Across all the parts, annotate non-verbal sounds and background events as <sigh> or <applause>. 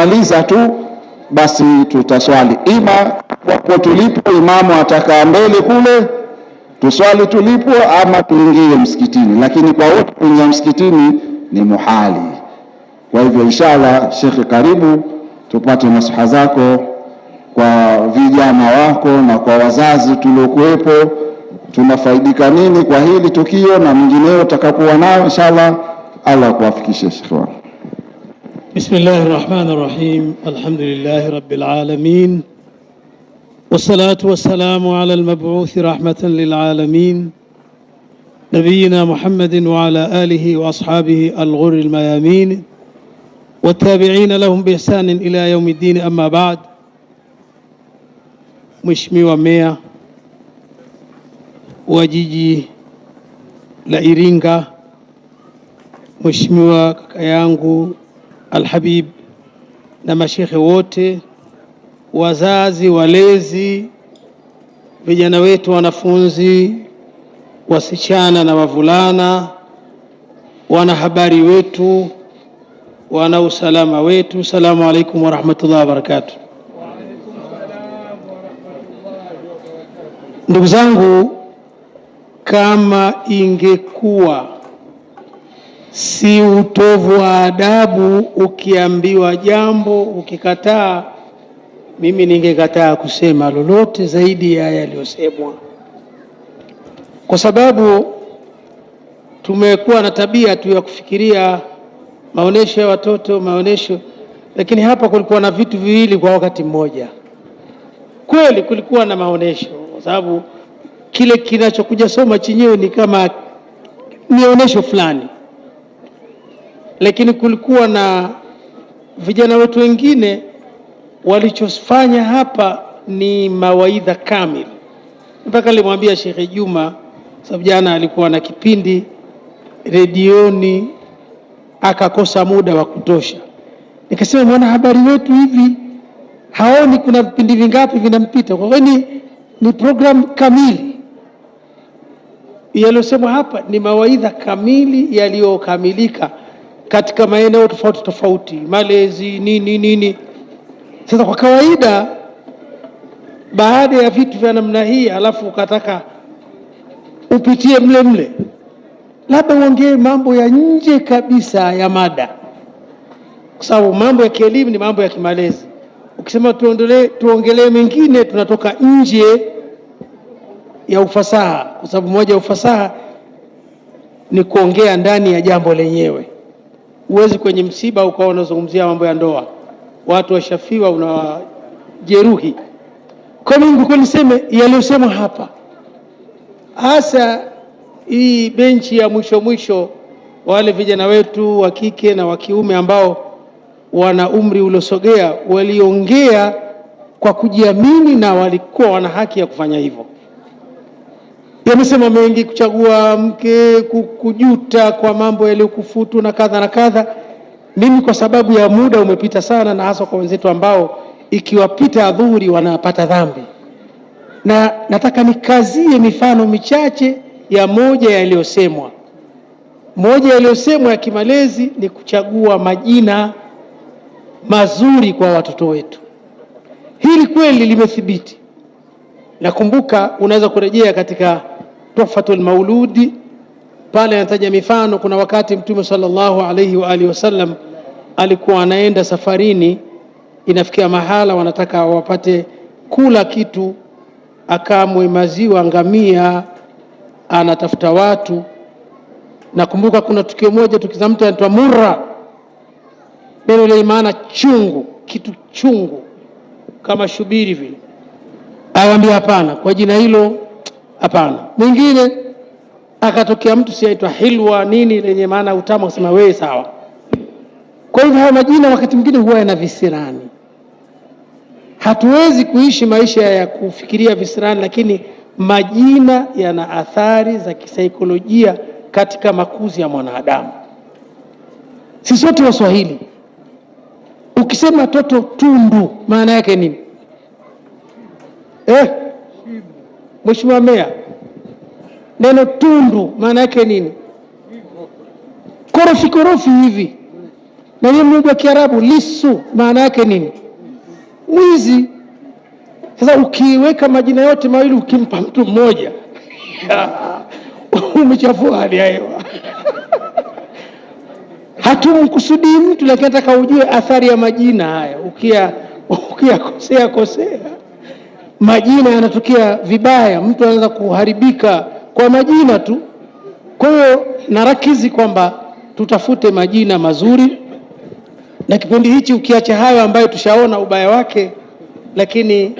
Tunapomaliza tu basi tutaswali ima kwa tulipo, imamu atakaa mbele kule tuswali tulipo, ama tuingie msikitini, lakini kwa wote kuingia msikitini ni muhali. Kwa hivyo inshallah, Shekhe, karibu tupate nasiha zako kwa vijana wako na kwa wazazi tuliokuwepo, tunafaidika nini kwa hili tukio na mengineyo utakapokuwa nayo. Inshallah, Allah kuwafikishe shekhe wangu. بسم الله الرحمن الرحيم الحمد لله رب العالمين والصلاة والسلام على المبعوث رحمة للعالمين نبينا محمد وعلى آله وأصحابه الغر الميامين والتابعين لهم بإحسان إلى يوم الدين أما بعد Mheshimiwa Meya وجيجي jiji la Iringa, Alhabib na mashekhe wote, wazazi, walezi, vijana wetu, wanafunzi wasichana na wavulana, wanahabari wetu, wana usalama wetu, salamu alaikum warahmatullahi wabarakatu Ndugu zangu, kama ingekuwa si utovu wa adabu ukiambiwa jambo ukikataa. Mimi ningekataa kusema lolote zaidi ya yaliyosemwa, kwa sababu tumekuwa na tabia tu ya kufikiria maonesho ya watoto, maonesho. Lakini hapa kulikuwa na vitu viwili kwa wakati mmoja. Kweli kulikuwa na maonesho, kwa sababu kile kinachokuja soma chenyewe ni kama mionyesho fulani lakini kulikuwa na vijana wetu wengine walichofanya hapa ni mawaidha kamili. Mpaka nilimwambia Shekhe Juma, sababu jana alikuwa na kipindi redioni akakosa muda wa kutosha. Nikasema mwanahabari wetu hivi haoni kuna vipindi vingapi vinampita? Kwa ni, ni programu kamili yaliyosemwa hapa, ni mawaidha kamili yaliyokamilika katika maeneo tofauti tofauti, malezi nini nini. Sasa kwa kawaida, baada ya vitu vya namna hii, alafu ukataka upitie mle mle, labda uongee mambo ya nje kabisa ya mada, kwa sababu mambo ya kielimu ni mambo ya kimalezi. Ukisema tuondolee, tuongelee mengine, tunatoka nje ya ufasaha, kwa sababu moja ya ufasaha ni kuongea ndani ya jambo lenyewe. Huwezi kwenye msiba ukawa unazungumzia mambo ya ndoa, watu washafiwa, unawajeruhi. Kwa mimi nilikuwa niseme yaliyosemwa hapa, hasa hii benchi ya mwisho mwisho, wale vijana wetu wa kike na wa kiume ambao wana umri uliosogea, waliongea kwa kujiamini na walikuwa wana haki ya kufanya hivyo. Yamesema mengi, kuchagua mke, kujuta kwa mambo yaliyokufutu na kadha na kadha. Mimi kwa sababu ya muda umepita sana, na hasa kwa wenzetu ambao ikiwapita adhuri wanapata dhambi, na nataka nikazie mifano michache ya moja yaliyosemwa. Moja yaliyosemwa ya kimalezi ni kuchagua majina mazuri kwa watoto wetu. Hili kweli limethibiti. Nakumbuka unaweza kurejea katika tuhfatul mauludi pale anataja mifano. Kuna wakati Mtume sallallahu alaihi wa alihi wasallam alikuwa anaenda safarini, inafikia mahala wanataka wapate kula kitu, akamwe maziwa ngamia, anatafuta watu. Nakumbuka kuna tukio moja, mtu anaitwa Murra, neno lenye maana chungu, kitu chungu kama shubiri vile, awambia hapana, kwa jina hilo Hapana. Mwingine akatokea mtu siaitwa hilwa nini lenye maana utamu, akasema wewe sawa. Kwa hivyo haya majina wakati mwingine huwa yana visirani. Hatuwezi kuishi maisha ya kufikiria visirani, lakini majina yana athari za kisaikolojia katika makuzi ya mwanadamu. Sisi sote Waswahili, ukisema toto Tundu maana yake nini? Eh? Mheshimiwa Meya, neno tundu maana yake nini? Korofi korofi hivi, na hiyo mlugha ya Kiarabu lisu maana yake nini? Mwizi. Sasa ukiweka majina yote mawili ukimpa mtu mmoja <laughs> umechafua hali ya hewa. <laughs> Hatumkusudii mtu, lakini nataka ujue athari ya majina haya, ukiyakosea <laughs> kosea majina yanatokea vibaya, mtu anaweza kuharibika kwa majina tu. Kwa hiyo narakizi kwamba tutafute majina mazuri, na kipindi hichi ukiacha hayo ambayo tushaona ubaya wake, lakini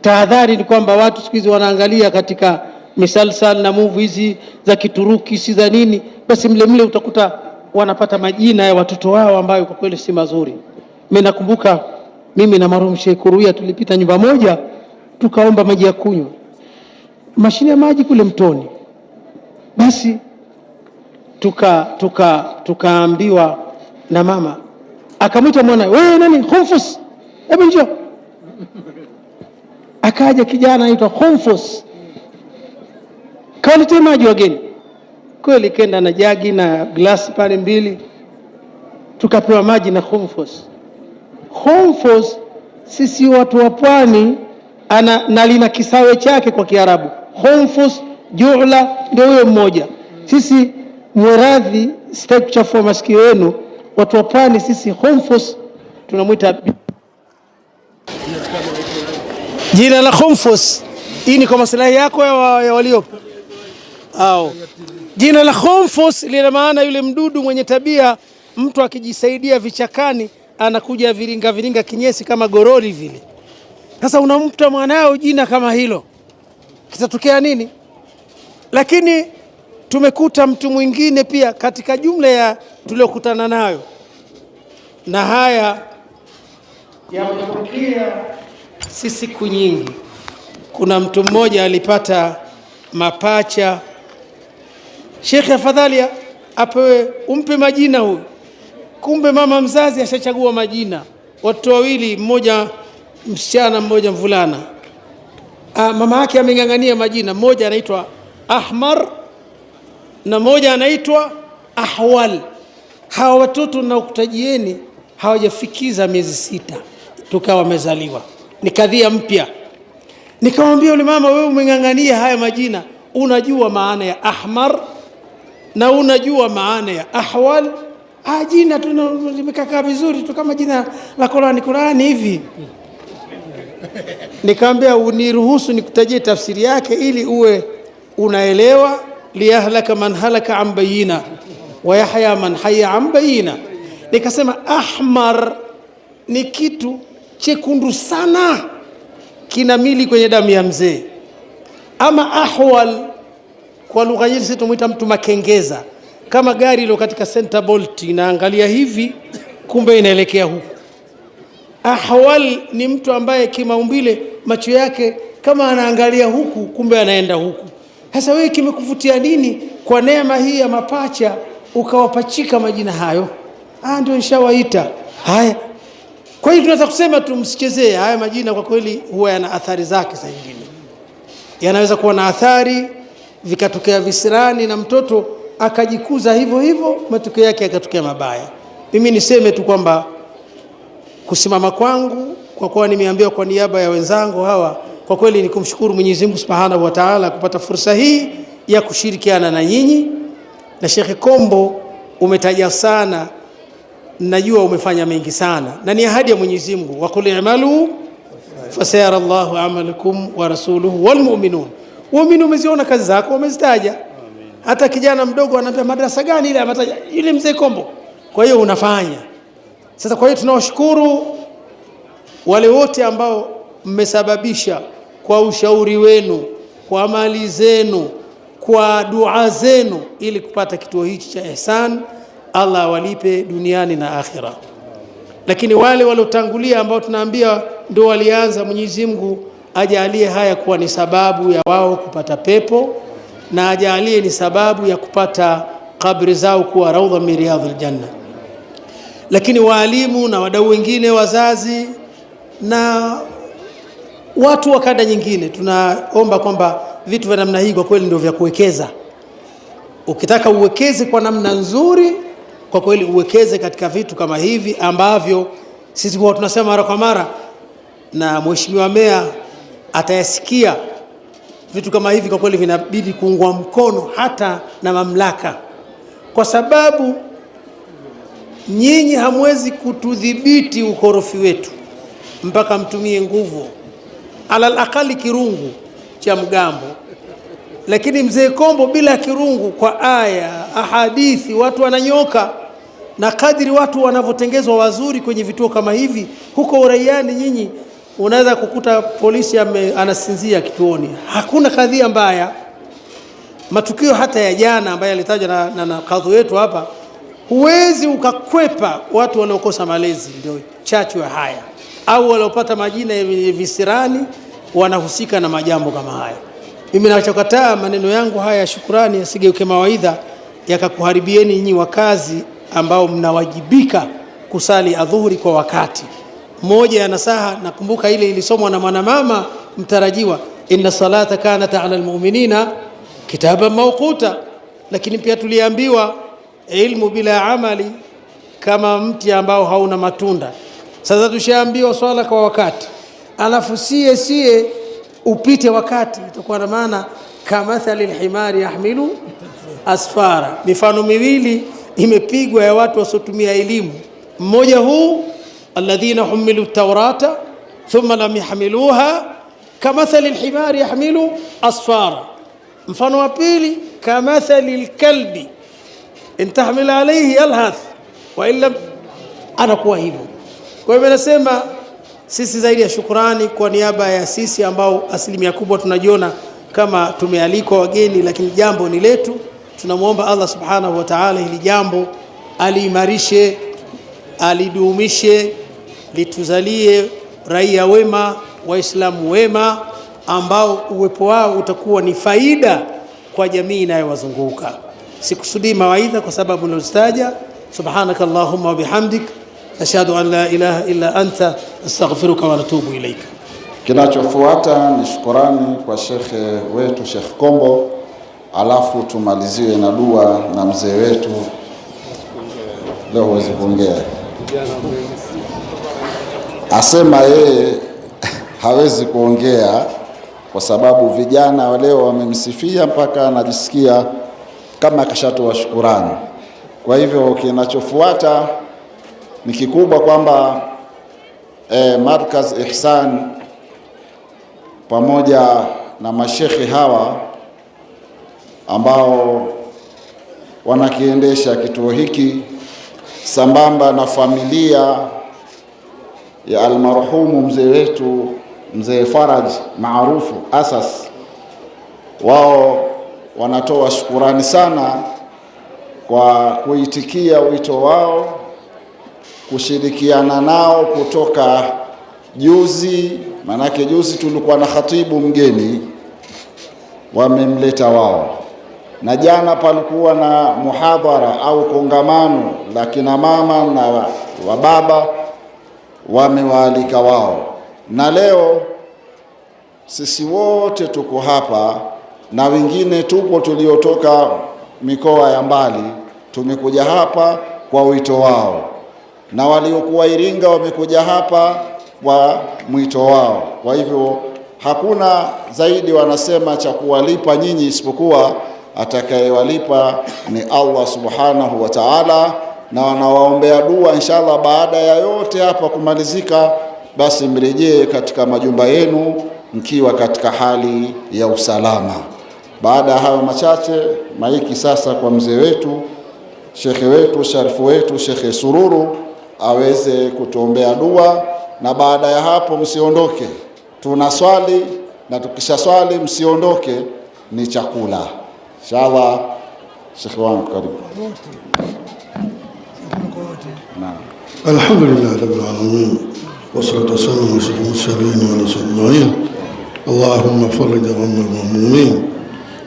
tahadhari ni kwamba watu siku hizi wanaangalia katika misalsal na muvi hizi za Kituruki si za nini, basi mlemle utakuta wanapata majina ya watoto wao ambayo kwa kweli si mazuri. Mimi nakumbuka mimi na marhum Sheikh Kuruia tulipita nyumba moja tukaomba maji ya kunywa, mashine ya maji kule mtoni. Basi tuka tuka tukaambiwa na mama, akamwita mwana, wewe nani? Khumfus, hebu njoo. Akaja kijana anaitwa Khumfus, kawaletea maji wageni. Kweli kenda na jagi na glasi pale mbili, tukapewa maji na Khumfus home force sisi watu wa pwani ana na lina kisawe chake kwa Kiarabu. Home force ndio huyo mmoja. Sisi mweradhi, sitaki kuchafua masikio yenu, watu wa pwani sisi home force tunamwita jina la home force. Hii ni kwa maslahi yako ya, ya waliopo au jina la home force lina maana yule mdudu mwenye tabia mtu akijisaidia vichakani anakuja viringa viringa kinyesi kama gorori vile. Sasa unamta mwanao jina kama hilo, kitatokea nini? Lakini tumekuta mtu mwingine pia katika jumla ya tuliokutana nayo, na haya yametokea si siku nyingi. Kuna mtu mmoja alipata mapacha. Shekhe, afadhali apewe, umpe majina huyu Kumbe mama mzazi ashachagua majina, watoto wawili, mmoja msichana, mmoja mvulana. Ah, mama yake ameng'ang'ania majina, mmoja anaitwa Ahmar na mmoja anaitwa Ahwal. Hawa watoto naokutajieni hawajafikiza miezi sita, tukawa wamezaliwa. Ni kadhia mpya. Nikamwambia yule mama, wewe umeng'ang'ania haya majina, unajua maana ya Ahmar na unajua maana ya Ahwal Ah, jina limekaa vizuri tu kama jina la Qurani Qurani hivi. <laughs> Nikamwambia uniruhusu nikutajie tafsiri yake ili uwe unaelewa, liyahlaka man halaka an bayina wa yahya man haya an bayina. Nikasema ahmar ni kitu chekundu sana kina mili kwenye damu ya mzee, ama ahwal kwa lugha yetu sisi tumuita mtu makengeza kama gari ilo katika center bolt inaangalia hivi, kumbe inaelekea huku. Ahwal ni mtu ambaye kimaumbile macho yake kama anaangalia huku, kumbe anaenda huku. Sasa wewe kimekuvutia nini kwa neema hii ya mapacha ukawapachika majina hayo? Ah, ndio nishawaita haya. Kwa hiyo tunaweza kusema tumsichezee haya majina, kwa kweli huwa yana athari zake. Saa nyingine yanaweza kuwa na athari vikatokea visirani na mtoto akajikuza hivyo hivyo, matokeo yake yakatokea mabaya. Mimi niseme tu kwamba kusimama kwangu kwa kuwa nimeambiwa kwa niaba ya wenzangu hawa, kwa kweli ni kumshukuru Mwenyezi Mungu Subhanahu wa Ta'ala kupata fursa hii ya kushirikiana na nyinyi. Na Sheikh Kombo, umetaja sana, najua umefanya mengi sana, na ni ahadi ya Mwenyezi Mungu, wa qul i'malu fasayara Allahu amalakum wa rasuluhu wal mu'minun. Waumini umeziona kazi zako, wamezitaja hata kijana mdogo anaambia madrasa gani ile ametaja yule mzee Kombo. Kwa hiyo unafanya sasa. Kwa hiyo tunawashukuru wale wote ambao mmesababisha kwa ushauri wenu, kwa mali zenu, kwa dua zenu, ili kupata kituo hichi cha Ihsan. Allah awalipe duniani na akhira. Lakini wale waliotangulia ambao tunaambia ndio walianza, Mwenyezi Mungu ajalie haya kuwa ni sababu ya wao kupata pepo na ajalie ni sababu ya kupata kabri zao kuwa raudha min riyadhil janna. Lakini waalimu na wadau wengine, wazazi na watu wa kada nyingine, tunaomba kwamba vitu vya namna hii kwa kweli ndio vya kuwekeza. Ukitaka uwekeze kwa namna nzuri, kwa kweli uwekeze katika vitu kama hivi ambavyo sisi huwa tunasema mara kwa mara, na mheshimiwa meya atayasikia Vitu kama hivi kwa kweli vinabidi kuungwa mkono hata na mamlaka, kwa sababu nyinyi hamwezi kutudhibiti ukorofi wetu mpaka mtumie nguvu, alal akali kirungu cha mgambo. Lakini mzee Kombo bila kirungu, kwa aya, ahadithi, watu wananyoka na kadiri watu wanavyotengezwa wazuri kwenye vituo kama hivi huko uraiani, nyinyi Unaweza kukuta polisi ame, anasinzia kituoni. Hakuna kadhia mbaya, matukio hata ya jana ambayo yalitajwa na, na, na kadhi wetu hapa, huwezi ukakwepa watu wanaokosa malezi ndio chachu ya haya, au waliopata majina ya visirani wanahusika na majambo kama haya. Mimi nachokataa maneno yangu haya ya shukurani yasigeuke mawaidha yakakuharibieni nyinyi wakazi ambao mnawajibika kusali adhuhuri kwa wakati moja ya nasaha, nakumbuka ile ilisomwa na mwanamama mtarajiwa, inna salata kanat ala almu'minina kitaba mawquta. Lakini pia tuliambiwa ilmu bila amali kama mti ambao hauna matunda. Sasa tushaambiwa swala kwa wakati, alafu sie sie upite wakati, itakuwa na maana kamathali lhimari yahmilu asfara. Mifano miwili imepigwa ya watu wasiotumia elimu, mmoja huu alladhina humilu taurata thumma lam yahmiluha kamathali lhimari yahmilu asfara. Mfano wa pili, kamathali lkalbi intahmil alaihi alhath wa illa, anakuwa hivyo. Kwa hivyo nasema sisi zaidi ya shukurani kwa niaba ya sisi ambao asilimia kubwa tunajiona kama tumealikwa wageni, lakini jambo ni letu. Tunamwomba Allah subhanahu wa ta'ala, hili jambo aliimarishe, alidumishe lituzalie raia wema, Waislamu wema ambao uwepo wao utakuwa ni faida kwa jamii inayowazunguka. Sikusudii mawaidha kwa sababu nilozitaja. Subhanaka Allahumma wa bihamdik ashhadu an la ilaha illa anta astaghfiruka wa atubu ilaika. Kinachofuata ni shukurani kwa shekhe wetu Shekh Kombo, alafu tumaliziwe na dua na mzee wetu. Leo huwezi kuongea asema yeye hawezi kuongea kwa sababu vijana waleo wamemsifia mpaka anajisikia kama wa shukurani. Kwa hivyo kinachofuata ni kikubwa kwamba eh, Markaz Ihsan pamoja na mashekhe hawa ambao wanakiendesha kituo hiki sambamba na familia ya almarhumu mzee wetu mzee Faraj maarufu Asas, wao wanatoa shukurani sana kwa kuitikia wito wao kushirikiana nao kutoka juzi, maanake juzi tulikuwa na khatibu mgeni, wamemleta wao, na jana palikuwa na muhadhara au kongamano la kina mama na wababa wamewaalika wao, na leo sisi wote tuko hapa na wengine tupo tuliotoka mikoa ya mbali, tumekuja hapa kwa wito wao, na waliokuwa Iringa wamekuja hapa kwa mwito wao. Kwa hivyo hakuna zaidi wanasema cha kuwalipa nyinyi isipokuwa atakayewalipa ni Allah subhanahu wa ta'ala na wanawaombea dua. Inshallah, baada ya yote hapa kumalizika, basi mrejee katika majumba yenu mkiwa katika hali ya usalama. Baada ya hayo machache, maiki sasa kwa mzee wetu, shekhe wetu, sharifu wetu, Shekhe Sururu aweze kutuombea dua, na baada ya hapo msiondoke, tuna swali na tukisha swali msiondoke, ni chakula inshallah. Shekhe wangu karibu. نعم الحمد لله رب العالمين والصلاة والسلام على سيد المرسلين وعلى سيد اللهم فرج غم المهمومين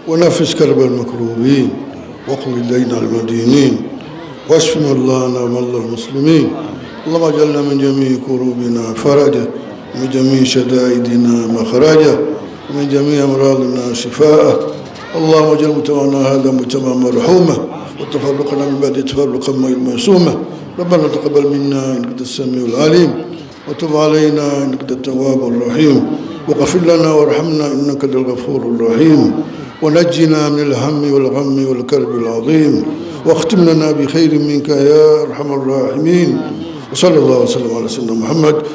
ونفس كرب المكروبين واقض الدين على المدينين واشف مولانا ومرضى المسلمين اللهم اجعلنا من جميع كروبنا فرجا من جميع شدائدنا مخرجا ومن جميع امراضنا شفاء اللهم اجعل مجتمعنا هذا مجتمع مرحومه وتفرقنا من بعد تفرقا ميسومه ربنا تقبل منا إنك أنت السميع العليم وتب علينا إنك أنت التواب الرحيم وغفر لنا وارحمنا إنك أنت الغفور الرحيم ونجنا من الهم والغم والكرب العظيم واختم لنا بخير منك يا أرحم الراحمين وصلى الله وسلم على سيدنا محمد